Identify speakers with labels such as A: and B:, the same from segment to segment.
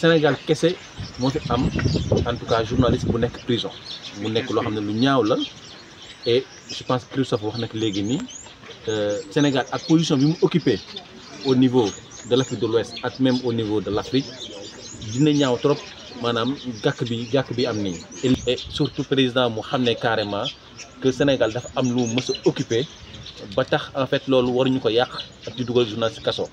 A: Sénégal kese moo fi am en tout cas journaliste bu prison mu nekk loo xam ne lu ñaaw et je pense que Christophe wax nag léegi nii euh, Sénégal ak position bi mu au niveau de l'Afrique de l'Ouest et même au niveau de l'Afrique il dina ñaaw trop maanaam gàkk bi a bi am et surtout président mu carrément que Sénégal dafa am lu mës a occupé ba tax en fait loolu waruñu ko yàq ak di dugal journaliste kaso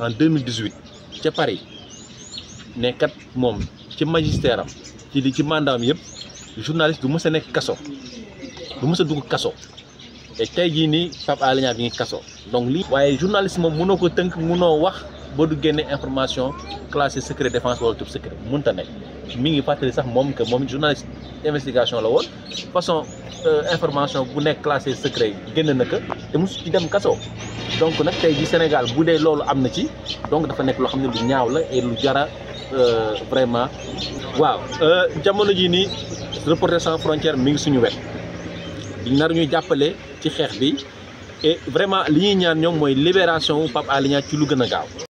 A: en 2018 c'est Paris ne mom moom ci magistère am ci li ci mandat am journaliste du mës a nekk kaso du mës a dugg kaso et tey jii nii Pape Alé Niang ngi kaso donc lii waaye journaliste mom mënoo ko tënk mënoo wax ba du génne information classé secret défense wala tub secret mënta nekk mi ngi fàttali sax moom que moom journaliste investigation la woon façon euh, information bu nekk classé secret génn naka ko te ci dem kaso donc nag tay ji Sénégal bu dee am ci donc dafa nekk loo xam lu ñaaw la et lu jara Euh, vraiment waaw euh, jamono jii nii Reporters sans frontières mi ngi suñu wet nar ñuy jàppale ci xeex bi et vraiment li ñuy ñaan ñoom mooy libération Pape Alé Niang ci lu gën a gaaw.